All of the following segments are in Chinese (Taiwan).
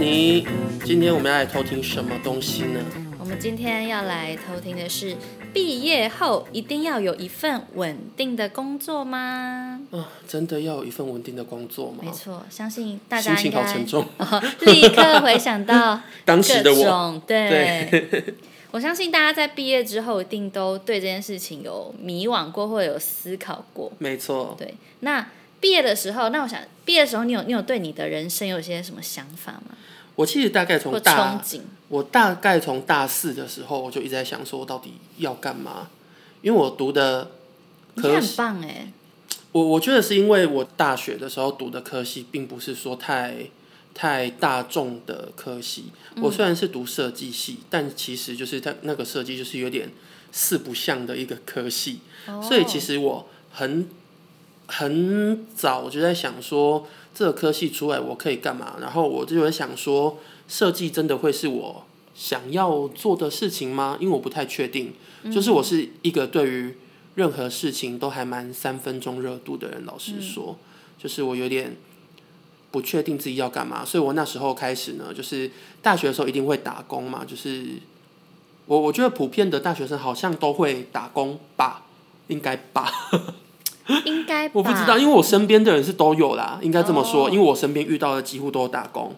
你今天，我們要來偷聽什麼東西呢？我們今天要來偷聽的是：畢業後一定要有一份穩定的工作嗎？啊，真的要有一份穩定的工作嗎？沒錯，相信大家應該，心情好沉重，哦、立刻回想到 當時的我。對， 我相信大家在畢業之後一定都對這件事情有迷惘過，或者有思考過。沒錯，對。那畢業的時候，那我想，畢業的時候，你有你有對你的人生有些什麼想法嗎？我其實大概從大，我大概從大四的時候，我就一直在想說，我到底要幹嘛？因為我讀的科，很棒耶。我我覺得是因為我大學的時候讀的科系，並不是說太太大眾的科系。我雖然是讀設計系，嗯，但其實就是他那個設計就是有點四不像的一個科系。哦、所以其實我很很早就在想說，這科系出來我可以幹嘛？然後我就會想說，設計真的會是我想要做的事情嗎？因為我不太確定、嗯。就是我是一個對於任何事情都還蠻三分鐘熱度的人。老實說、嗯，就是我有點不確定自己要幹嘛。所以我那時候開始呢，就是大學的時候一定會打工嘛。就是我我覺得普遍的大學生好像都會打工吧，應該吧。 應該 我不知道，因為我身邊的人是都有啦，應該這麼說，oh. 因為我身邊遇到的幾乎都有打工。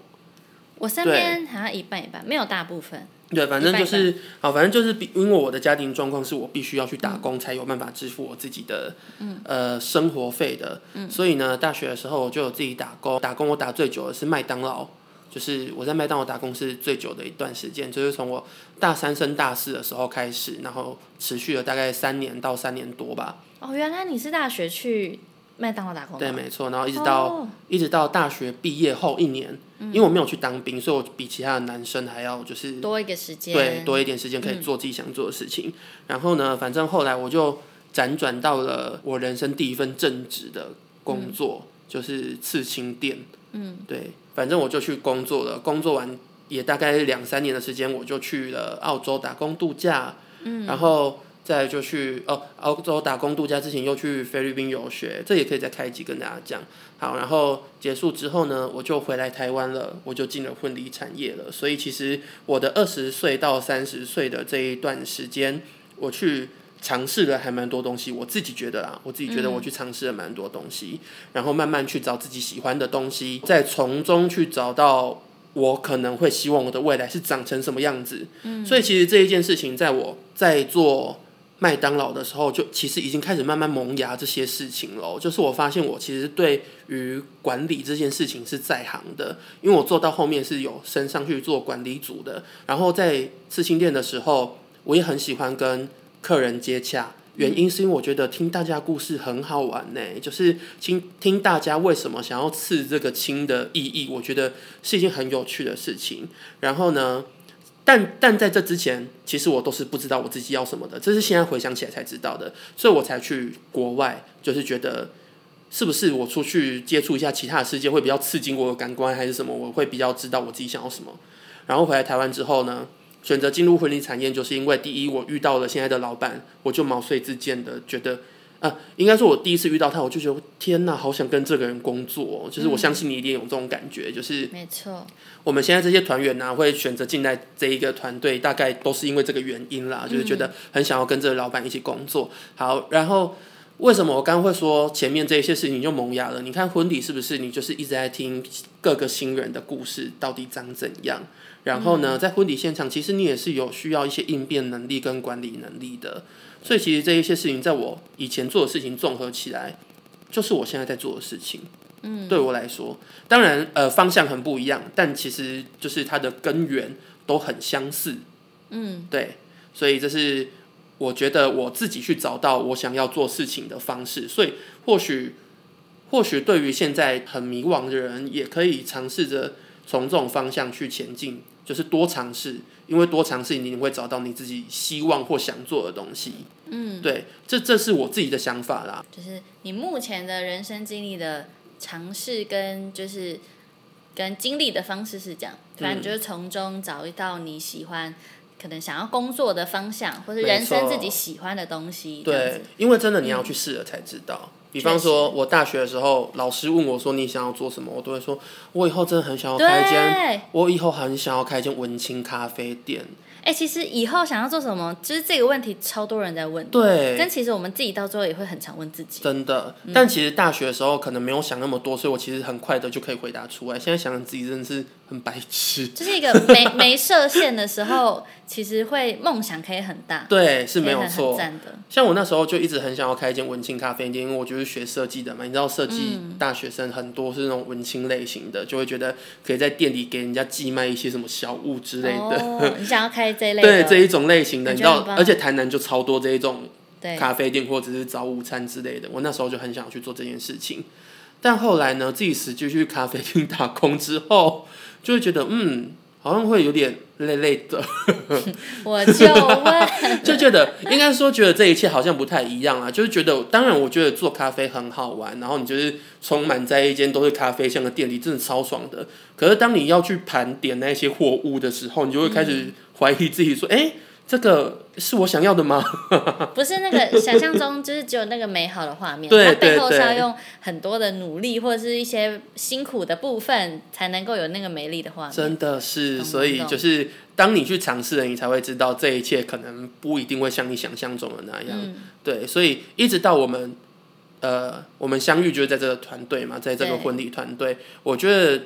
我身邊好像一半一半，沒有大部分。對，反正就是一般一般好，反正就是因為我的家庭狀況，是我必須要去打工才有辦法支付我自己的嗯呃生活費的、嗯。所以呢，大學的時候我就有自己打工。打工我打最久的是麥當勞，就是我在麥當勞打工是最久的一段時間，就是從我大三升大四的時候開始，然後持續了大概三年到三年多吧。哦，原來你是大學去麥當勞打工的，對，沒錯。然後一直到、oh. 一直到大學畢業後一年、嗯，因為我沒有去當兵，所以我比其他的男生還要就是多一個時間，對，多一點時間可以做自己想做的事情。嗯、然後呢，反正後來我就輾轉到了我人生第一份正職的工作，嗯、就是刺青店。嗯，對，反正我就去工作了。工作完也大概兩三年的時間，我就去了澳洲打工度假。嗯，然後。再就去哦，澳洲打工度假之前，又去菲律賓遊學，這也可以再開一集跟大家講。好，然後結束之後呢，我就回來台灣了，我就進了婚禮產業了。所以其實我的二十歲到三十歲的這一段時間，我去嘗試了還蠻多東西。我自己覺得啊，我自己覺得我去嘗試了蠻多東西，嗯，然後慢慢去找自己喜歡的東西，再從中去找到我可能會希望我的未來是長成什麼樣子。嗯，所以其實這一件事情，在我在做。麥當勞的時候，就其實已經開始慢慢萌芽這些事情了。就是我發現，我其實對於管理這件事情是在行的，因為我做到後面是有升上去做管理組的。然後在刺青店的時候，我也很喜歡跟客人接洽，原因是因為我覺得聽大家故事很好玩呢、欸。就是聽聽大家為什麼想要刺這個青的意義，我覺得是一件很有趣的事情。然後呢，但但在這之前，其實我都是不知道我自己要什麼的，這是現在回想起來才知道的，所以我才去國外，就是覺得是不是我出去接觸一下其他的世界會比較刺激我的感官，還是什麼，我會比較知道我自己想要什麼。然後回來台灣之後呢，選擇進入婚禮產業，就是因為第一我遇到了現在的老板，我就毛遂自薦的覺得。啊，應該說我第一次遇到他，我就覺得天哪，好想跟這個人工作。就是我相信你一定有這種感覺，嗯、就是沒錯。我們現在這些團員呢、啊，會選擇進來這一個團隊，大概都是因為這個原因啦，就是覺得很想要跟這個老闆一起工作。好，然後。為什麼我剛剛會說前面這一些事情就萌芽了？你看婚禮是不是你就是一直在聽各個新人的故事到底長怎樣？然後呢，在婚禮現場，其實你也是有需要一些應變能力跟管理能力的。所以其實這一些事情，在我以前做的事情綜合起來，就是我現在在做的事情。嗯，對我來說，當然呃方向很不一樣，但其實就是它的根源都很相似。嗯，對，所以這是。我覺得我自己去找到我想要做事情的方式，所以或許，或許對於現在很迷惘的人，也可以嘗試着從這種方向去前進，就是多嘗試，因為多嘗試你會找到你自己希望或想做的東西。嗯，對，這這是我自己的想法啦。就是你目前的人生經歷的嘗試跟就是跟經歷的方式是這樣，反正就是從中找一道你喜歡。可能想要工作的方向，或是人生自己喜歡的東西。對，因為真的你要去試了才知道。嗯、比方說，我大學的時候，老師問我說你想要做什麼？我都會說，我以後真的很想要開一間，我以後很想要開一間文青咖啡店。哎、欸，其實以後想要做什麼，就是這個問題超多人在問。對。但其實我們自己到最後也會很常問自己。真的、嗯，但其實大學的時候可能沒有想那麼多，所以我其實很快的就可以回答出來。現在想想自己真的是。很白痴，就是一個沒沒設限的時候， 其實會夢想可以很大，對，是沒有錯，像我那時候就一直很想要開一間文青咖啡店，因為我就是學設計的嘛，你知道設計大學生很多是那種文青類型的、嗯，就會覺得可以在店裡給人家寄賣一些什麼小物之類的。你、哦、想要開這一類的，對這一種類型的，你知道，而且台南就超多這一種咖啡店或者是早午餐之類的。我那時候就很想要去做這件事情，但後來呢，自己實際去咖啡店打工之後。就會覺得，嗯，好像會有點累累的。我就會 就覺得，應該說覺得這一切好像不太一樣啊。就是覺得，當然我覺得做咖啡很好玩，然後你就是充滿在一間都是咖啡香的店裡，真的超爽的。可是當你要去盤點那些貨物的時候，你就會開始懷疑自己，說，哎、欸。這個是我想要的嗎？ 不是那個想象中，就是只有那個美好的畫面。對 對對，它背後是要用很多的努力或者是一些辛苦的部分，才能夠有那個美麗的畫面。真的是懂不懂，所以就是當你去嘗試了，你才會知道這一切可能不一定會像你想象中的那樣。嗯。對，所以一直到我們呃，我們相遇就是在這個團隊嘛，在這個婚禮團隊，我覺得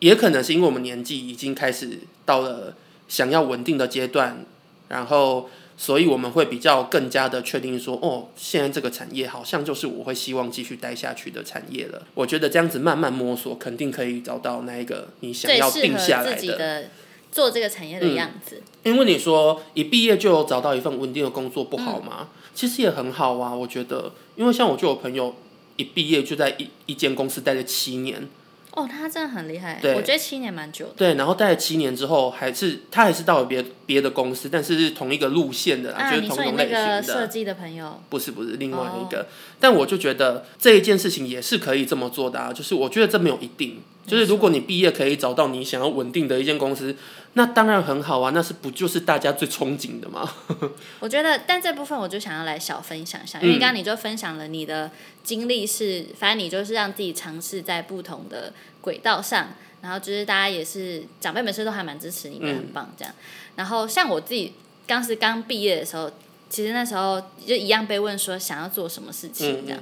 也可能是因為我們年紀已經開始到了想要穩定的階段。然後，所以我們會比較更加的確定說，哦，現在這個產業好像就是我會希望繼續待下去的產業了。我覺得這樣子慢慢摸索，肯定可以找到那一個你想要定下來的，的做這個產業的樣子。嗯，因為你說一畢業就有找到一份穩定的工作不好嗎？嗯。其實也很好啊，我覺得。因為像我就有朋友一畢業就在一一間公司待了七年。哦，他真的很厲害，我覺得七年蠻久的。對，然後待了七年之後，還是他還是到了別別的公司，但是是同一個路線的啊，就是同一種類型的。你說你那個設計的朋友，不是？不是，另外一個。哦，但我就覺得這一件事情也是可以這麼做的啊，就是我覺得這沒有一定。就是如果你畢業可以找到你想要穩定的一間公司，那當然很好啊，那是不就是大家最憧憬的嗎？ 我覺得，但這部分我就想要來小分享一下，因為剛剛你就分享了你的經歷，是、嗯、反正你就是讓自己嘗試在不同的軌道上，然後就是大家也是長輩們是都還蠻支持你，你很棒這樣、嗯。然後像我自己當時剛畢業的時候，其實那時候就一樣被問說想要做什麼事情的、嗯，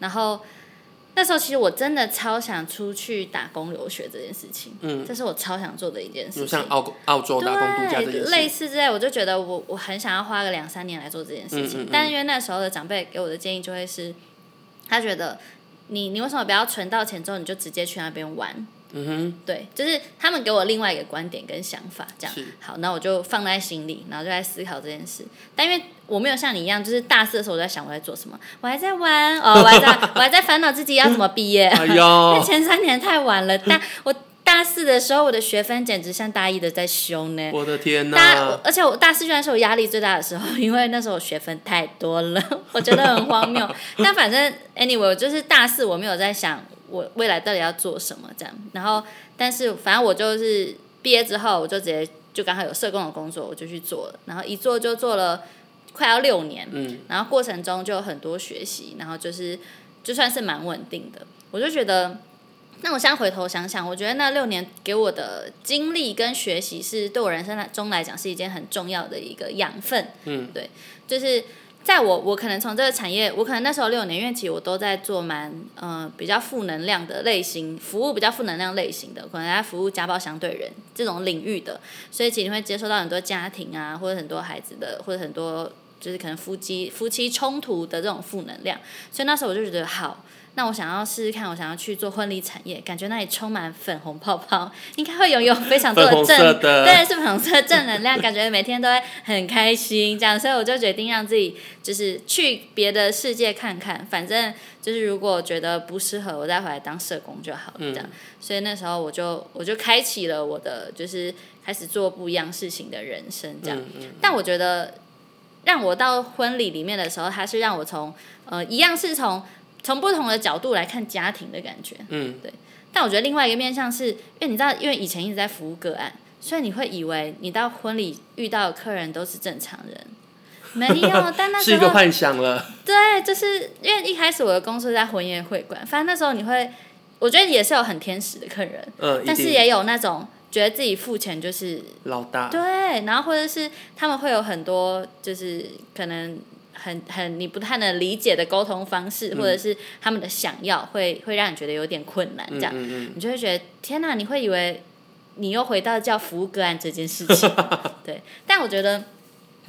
然後。那時候其實我真的超想出去打工留學這件事情，嗯，這是我超想做的一件事情。像澳澳洲打工度假的類似之類，我就覺得我我很想要花個兩三年來做這件事情。嗯嗯嗯，但是因為那時候的長輩給我的建議就會是，他覺得你你為什麼不要存到錢之後你就直接去那邊玩？嗯哼，對，就是他們給我另外一個觀點跟想法，這樣。好，那我就放在心裡，然後就在思考這件事。但因為我沒有像你一樣，就是大四的時候我在想我在做什麼，我還在玩，哦、我還在， 我還在煩惱自己要怎麼畢業。 哎喲，前三年太晚了，但我大四的時候我的學分簡直像大一的在修呢。我的天哪大！而且我大四居然是我壓力最大的時候，因為那時候我學分太多了，我覺得很荒謬。 但反正 anyway，就是大四我沒有在想。我未來到底要做什麼？這樣，然後，但是，反正我就是畢業之後，我就直接就剛好有社工的工作，我就去做了，然後一做就做了快要六年，嗯，然後過程中就有很多學習，然後就是就算是蠻穩定的，我就覺得，那我先回頭想想，我覺得那六年給我的經歷跟學習是，是對我人生來中來講是一件很重要的一個養分，嗯，對，就是。在我我可能從這個產業，我可能那時候六年，因為其實我都在做蠻嗯、呃、比較負能量的類型服務，比較負能量類型的，可能在服務家暴相對人這種領域的，所以其實你會接收到很多家庭啊，或者很多孩子的，或者很多就是可能夫妻夫妻衝突的這種負能量，所以那時候我就覺得好。那我想要試試看，我想要去做婚禮產業，感覺那裡充滿粉紅泡泡，應該會擁有，有非常多的正，粉紅色的，對，是粉紅色正能量， 感覺每天都會很開心。這樣，所以我就決定讓自己就是去別的世界看看，反正就是如果覺得不適合，我再回來當社工就好了。這樣、嗯，所以那時候我就我就開啟了我的就是開始做不一樣事情的人生。這樣嗯嗯，但我覺得讓我到婚禮裡面的時候，他是讓我從呃一樣是從。從不同的角度來看家庭的感覺，嗯，對。但我覺得另外一個面向是，因為你知道，因為以前一直在服務個案，所以你會以為你到婚禮遇到的客人都是正常人，沒有。但那時候是一個幻想了。對，就是因為一開始我的工作在婚宴會館，反正那時候你會，我覺得也是有很天使的客人，嗯、呃，但是也有那種覺得自己付錢就是老大，對。然後或者是他們會有很多，就是可能。很很你不太能理解的溝通方式，或者是他們的想要，會會讓你覺得有點困難，這樣，你就會覺得天哪！你會以為你又回到叫服務個案這件事情，對。但我覺得，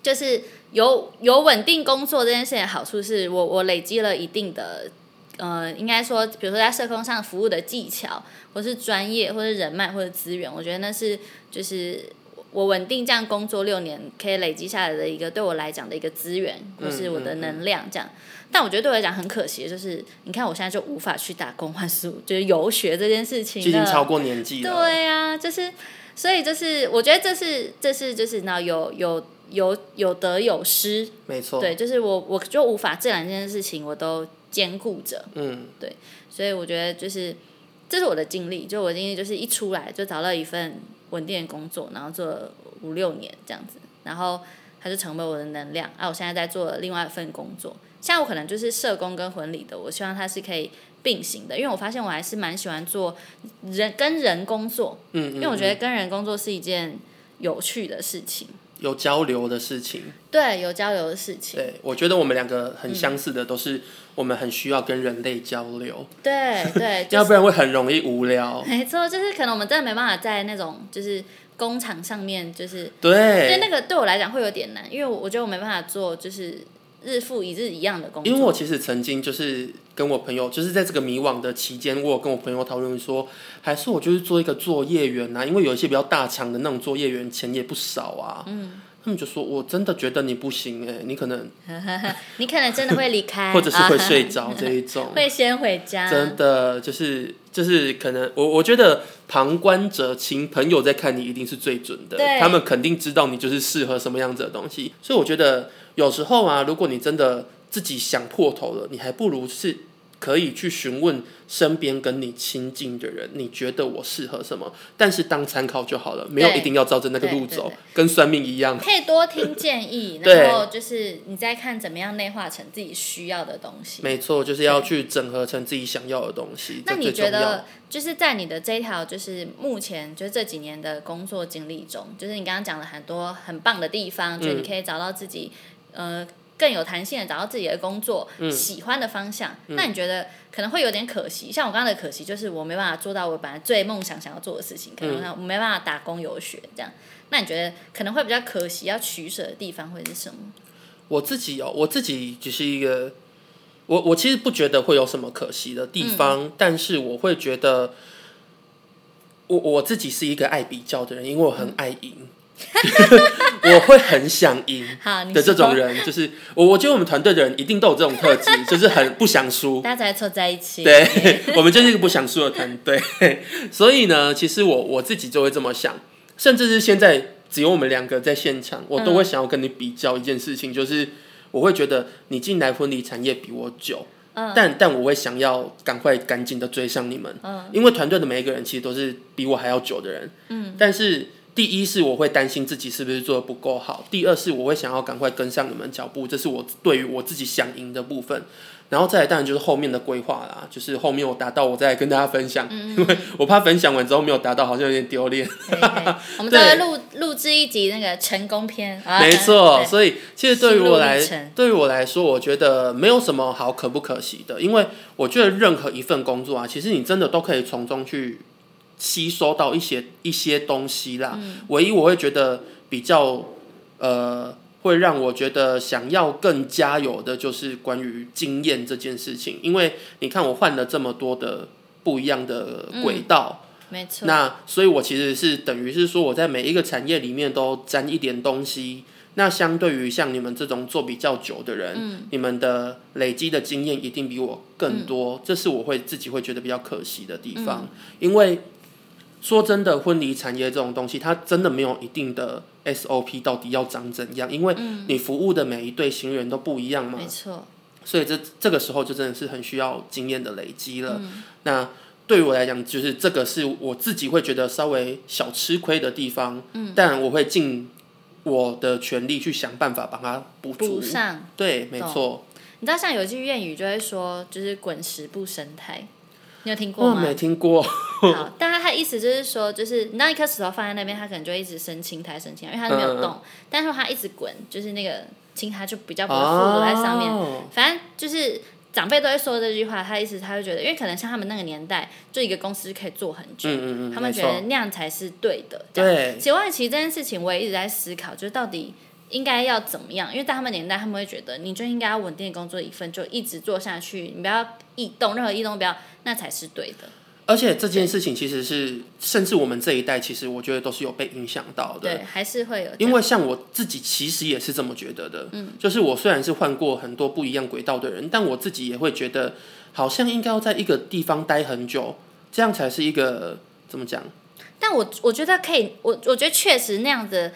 就是有有穩定工作這件事情的好處是，我我累積了一定的，呃，應該說，比如說在社工上服務的技巧，或是專業，或是人脈，或是資源，我覺得那是就是。我穩定這樣工作六年，可以累積下來的一個對我來講的一個資源，或、就是我的能量，這樣、嗯嗯嗯。但我覺得對我來講很可惜，就是你看我現在就無法去打工換宿，就是遊學這件事情。已經超過年紀了。對呀、啊，就是，所以就是，我覺得這是，這是，就是有，那有有有有得有失。沒錯。對，就是我，我就無法自然這兩件事情我都兼顧着。嗯。對，所以我覺得就是，這是我的經歷，就我今天就是一出來就找到一份。穩定的工作，然後做了五六年這樣子，然後他就成為我的能量。哎、啊，我現在在做另外一份工作，下午可能就是社工跟婚禮的。我希望他是可以並行的，因為我發現我還是蠻喜歡做人跟人工作，嗯嗯嗯，因為我覺得跟人工作是一件有趣的事情。有交流的事情，對，有交流的事情。對，我覺得我們兩個很相似的，都是我們很需要跟人類交流。對、嗯、對，對就是、 要不然會很容易無聊。沒錯，就是可能我們真的沒辦法在那種就是工廠上面，就是對對，那個對我來講會有點難，因為我覺得我沒辦法做就是。日復一日一樣的工作。因為我其實曾經就是跟我朋友，就是在這個迷惘的期間，我有跟我朋友討論說，還是我就是做一個作業員吶，因為有一些比較大廠的那種作業員，錢也不少啊。嗯，他們就說，我真的覺得你不行哎，你可能， 你可能真的會離開， 或者是會睡着這一種， 會先回家。真的就是就是可能我我覺得旁觀者清，朋友在看你一定是最準的，對，他們肯定知道你就是適合什麼樣子的東西，所以我覺得。有時候啊，如果你真的自己想破頭了，你還不如是可以去詢問身邊跟你親近的人，你覺得我適合什麼？但是當參考就好了，沒有一定要照着那個路走，跟算命一樣。可以多聽建議， 然後就是你再看怎麼樣內化成自己需要的東西。沒錯，就是要去整合成自己想要的東西。那你覺得就是在你的這一條就是目前就是這幾年的工作經歷中，就是你剛剛講了很多很棒的地方，就、嗯、你可以找到自己。呃，更有彈性的找到自己的工作，嗯、喜歡的方向、嗯。那你覺得可能會有點可惜？像我剛剛的可惜，就是我沒辦法做到我本來最夢想想要做的事情、嗯，可能我沒辦法打工遊學這樣。那你覺得可能會比較可惜？要取捨的地方會是什麼？我自己哦，我自己只是一個，我我其實不覺得會有什麼可惜的地方，嗯、但是我會覺得我，我我自己是一個愛比較的人，因為我很愛贏。嗯 我會很想贏的這種人就是我。我覺得我們團隊的人一定都有這種特質，就是很不想輸。大家湊在一起，對，我們就是一個不想輸的團隊。所以呢，其實我我自己就會這麼想，甚至是現在只有我們兩個在現場，我都會想要跟你比較一件事情，就是我會覺得你進來婚禮產業比我久，但但我會想要趕快趕緊的追上你們，因為團隊的每一個人其實都是比我還要久的人，嗯，但是。第一是我會擔心自己是不是做的不夠好，第二是我會想要趕快跟上你們腳步，這是我對於我自己想贏的部分。然後再來當然就是後面的規劃啦，就是後面我達到我再來跟大家分享嗯嗯，因為我怕分享完之後沒有達到，好像有點丟臉。嘿嘿 我們再來錄錄制一集那個成功篇，沒錯。所以其實對於我來，對於我來說，我覺得沒有什麼好可不可惜的，因為我覺得任何一份工作啊，其實你真的都可以從中去。吸收到一些一些東西啦、嗯。唯一我會覺得比較呃，會讓我覺得想要更加油的，就是關於經驗這件事情。因為你看，我換了這麼多的不一樣的軌道，嗯、沒錯。那所以我其實是等於是說，我在每一個產業裡面都沾一點東西。那相對於像你們這種做比較久的人，嗯、你們的累積的經驗一定比我更多、嗯。這是我會自己會覺得比較可惜的地方，嗯、因為。說真的，婚禮產業這種東西，它真的沒有一定的 SOP，到底要長怎樣？因為你服務的每一對新人都不一樣嘛、嗯，沒錯。所以這這個時候就真的是很需要經驗的累積了、嗯。那對於我來講，就是這個是我自己會覺得稍微小吃虧的地方，嗯、但我會盡我的全力去想辦法把它補足，補上。對，沒錯。你知道，像有一句諺語就會說，就是“滾石不生苔”。你有聽過嗎？我沒聽過。 好，但他他的意思就是說，就是你那一顆石頭放在那邊，他可能就一直生青苔，生青苔，因為他沒有動。嗯嗯嗯嗯。但是他一直滾，就是那個青苔就比較不會附著在上面。哦。反正就是長輩都會說這句話，他意思他就覺得，因為可能像他們那個年代，就一個公司可以做很久、嗯嗯嗯。他們覺得那樣才是對的。對。其實，其實這件事情我也一直在思考，就是到底。應該要怎麼樣？因為在他們年代，他們會覺得你就應該要穩定的工作一份，就一直做下去，你不要異動，任何異動不要，那才是對的。而且這件事情其實是，甚至我們這一代，其實我覺得都是有被影響到的。對，還是會有。因為像我自己，其實也是這麼覺得的。嗯，就是我雖然是換過很多不一樣軌道的人，但我自己也會覺得，好像應該要在一個地方待很久，這樣才是一個怎麼講？但我我覺得可以，我我覺得確實那樣子。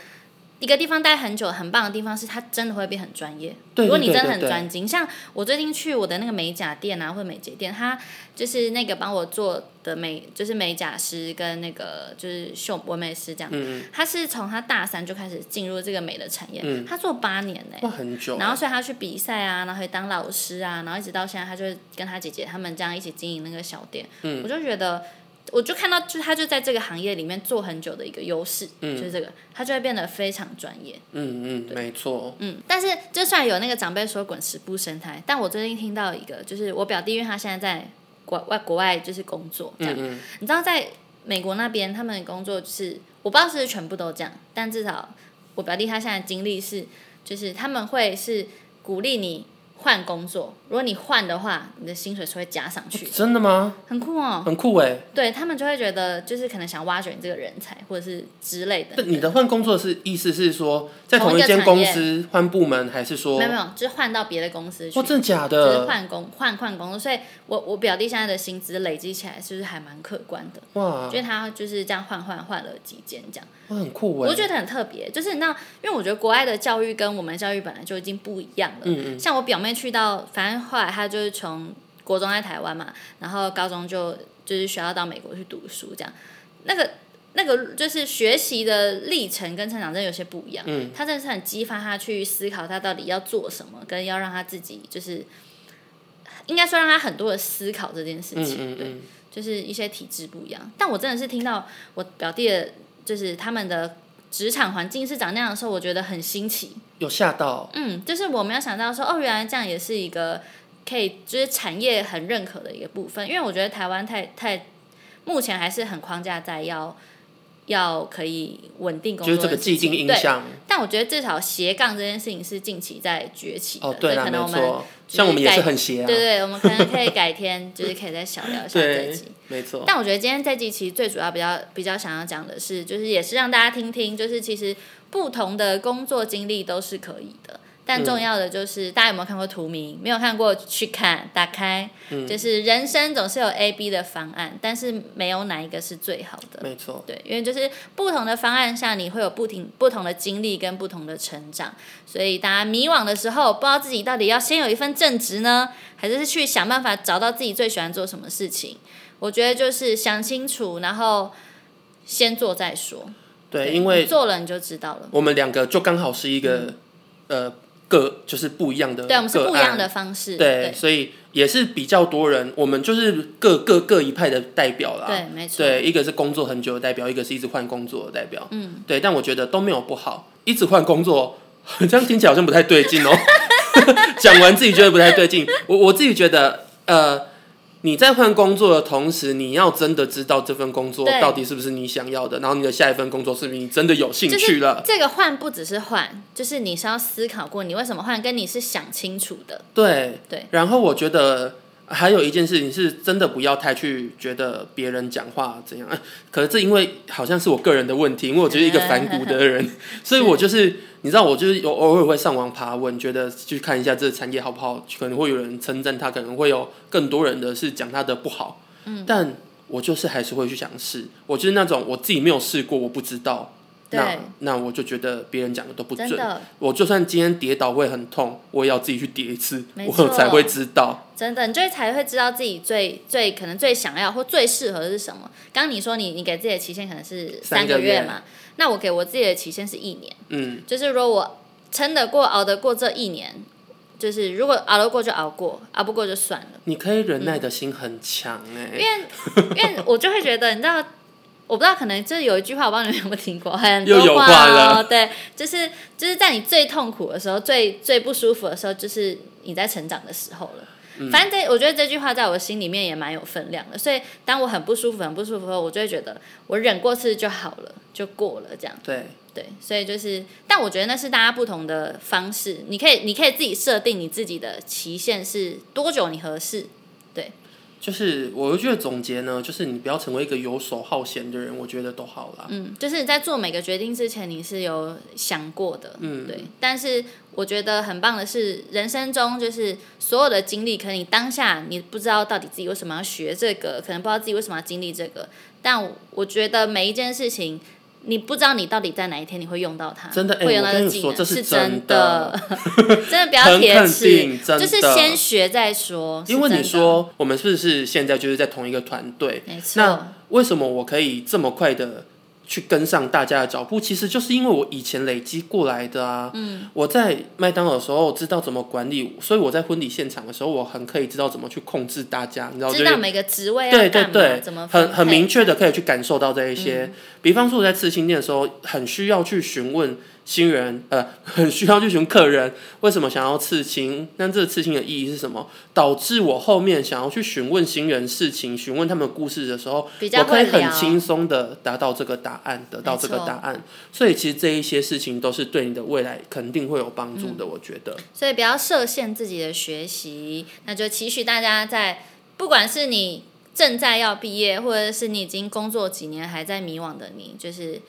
一個地方待很久，很棒的地方是，他真的會變很專業。如果你真的很專精，像我最近去我的那個美甲店啊，或者美睫店，他就是那個幫我做的美，就是美甲師跟那個就是繡紋眉師這樣。他是從他大三就開始進入這個美的產業，他做八年呢、欸，然後所以他去比賽啊，然後當老師啊，然後一直到現在，他就跟他姐姐他們這樣一起經營那個小店。我就覺得。我就看到，就是他就在這個行業裡面做很久的一個優勢、嗯，就是這個，他就會變得非常專業。嗯嗯，沒錯。嗯，但是就算有那個長輩說“滾石不生苔”，但我最近聽到一個，就是我表弟，因為他現在在國外國外就是工作。這樣，嗯嗯，你知道，在美國那邊，他們的工作、就是我不知道是不是全部都這樣，但至少我表弟他現在的經歷是，就是他們會是鼓勵你，換工作，如果你換的話，你的薪水是會加上去。喔。真的嗎？很酷哦。喔。很酷哎。欸。對，他們就會覺得，就是可能想挖掘你這個人才，或者是之類的。那你的換工作是意思是說，在同一間公司換部門，還是說？沒有沒有，就換，是，到別的公司去。哇，真的假的？就是換工換換工作，所以我，我我表弟現在的薪資累積起來是不是還蠻可觀的？哇！因為他就是這樣換換換了幾間，這樣，哇，很酷。欸，我覺得很特別。就是你知道，因為我覺得國外的教育跟我們的教育本來就已經不一樣了。嗯嗯。像我表妹。去到，反正後來他就是從國中在台灣嘛，然後高中就就是學校到美國去讀書這樣。那個那個就是學習的歷程跟成長真的有些不一樣。嗯。他真的是很激發他去思考，他到底要做什麼，跟要讓他自己就是，應該說讓他很多的思考這件事情。嗯嗯嗯。對，就是一些體制不一樣。但我真的是聽到我表弟的，就是他們的。職場環境是長那樣的時候，我覺得很新奇，有嚇到。嗯，就是我沒有想到說，哦，原來這樣也是一個可以就是產業很認可的一個部分，因為我覺得台灣太太目前還是很框架在要。要可以穩定工作，對，但我覺得至少斜槓這件事情是近期在崛起的。哦，對啦，對，可能沒錯，像我們也是很斜啊，對，對對，我們可能可以改天， 就是可以再小聊一下這集。對，沒錯。但我覺得今天這集其實最主要比較比較想要講的是，就是也是讓大家聽聽，就是其實不同的工作經歷都是可以的。但重要的就是，大家有沒有看過圖名？嗯、沒有看過，去看，打開、嗯，就是人生總是有 A、B 的方案，但是沒有哪一個是最好的。沒錯，對，因為就是不同的方案下，你會有不停不同的經歷跟不同的成長。所以大家迷惘的時候，不知道自己到底要先有一份正職呢，還是去想辦法找到自己最喜歡做什麼事情？我覺得就是想清楚，然後先做再說。對，對，因為做了你就知道了。我們兩個就剛好是一個，嗯、呃。各就是不一樣的，對我們是不一樣的方式對，對，所以也是比較多人。我們就是各各各一派的代表啦，對，沒錯。對，一個是工作很久的代表，一個是一直換工作的代表，嗯，對。但我覺得都沒有不好，一直換工作，這樣聽起來好像不太對勁哦、喔。講 完自己覺得不太對勁，我我自己覺得，呃。你在換工作的同時，你要真的知道這份工作到底是不是你想要的，然後你的下一份工作是不是你真的有興趣了？就是，這個換不只是換，就是你是要思考過你為什麼換，跟你是想清楚的。對對，然後我覺得。嗯還有一件事，你是真的不要太去覺得別人講話怎樣。可是這因為好像是我個人的問題，因為我就是一個反骨的人，所以我就是你知道，我就是有偶爾會上網爬文，覺得去看一下這個產業好不好，可能會有人稱讚他，可能會有更多人的是講他的不好。但我就是還是會去想試，我就是那種我自己沒有試過，我不知道。那對，那我就覺得別人講的都不準。我就算今天跌倒會很痛，我也要自己去跌一次，我才會知道。真的，你就會才會知道自己最最可能最想要或最適合的是什麼。剛剛你說你你給自己的期限可能是三個月嘛，三個月？那我給我自己的期限是一年。嗯，就是說我撐得過、熬得過這一年，就是如果熬得過就熬過，熬不過就算了。你可以忍耐的心很強哎，欸嗯，因為因為我就會覺得，你知道。 我不知道，可能就是有一句話，我不知道你有沒有聽過，很多話哦，話了，對，就是就是在你最痛苦的時候，最最不舒服的時候，就是你在成長的時候了。嗯、反正這我覺得這句話在我心裡面也蠻有分量的，所以當我很不舒服、很不舒服的時候，我就會覺得我忍過去就好了，就過了這樣。對對，所以就是，但我覺得那是大家不同的方式，你可以你可以自己設定你自己的期限是多久，你合適。就是，我就覺得總結呢，就是你不要成為一個游手好閒的人，我覺得都好啦，嗯，就是在做每個決定之前，你是有想過的，嗯，對。但是我覺得很棒的是，人生中就是所有的經歷，可能你當下你不知道到底自己為什麼要學這個，可能不知道自己為什麼要經歷這個，但我，我覺得每一件事情。你不知道你到底在哪一天你會用到它，真的。欸、會有的技能，我跟你說，這是真的，真的， 真的不要鐵齒，就是先學再說。因為你說我們是不是現在就是在同一個團隊？沒錯。那為什麼我可以這麼快的？去跟上大家的腳步，其實就是因為我以前累積過來的啊。嗯，我在麥當勞的時候知道怎麼管理，所以我在婚禮現場的時候，我很可以知道怎麼去控制大家，你知道嗎？知道每個職位要幹嘛，對對對，怎麼很很明確的可以去感受到這一些。嗯、比方說，我在刺青店的時候，很需要去詢問。新人呃，很需要去詢問客人為什麼想要刺青，那這個刺青的意義是什麼？導致我後面想要去詢問新人事情，詢問他們故事的時候，比較會我可以很輕鬆的達到這個答案，得到這個答案。所以其實這一些事情都是對你的未來肯定會有幫助的，嗯、我覺得。所以不要設限自己的學習，那就期許大家在，不管是你正在要畢業，或者是你已經工作幾年還在迷惘的你，就是。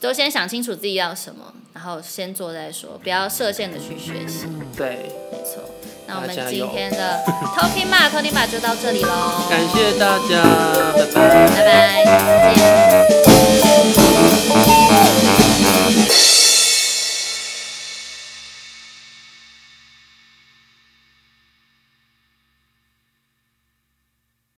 都先想清楚自己要什麼，然後先做再說，不要設限的去學習、嗯。對，沒錯。那我們今天的 talking mark, talking mark 就到這裡嘍，感謝大家，拜拜，拜拜，再見。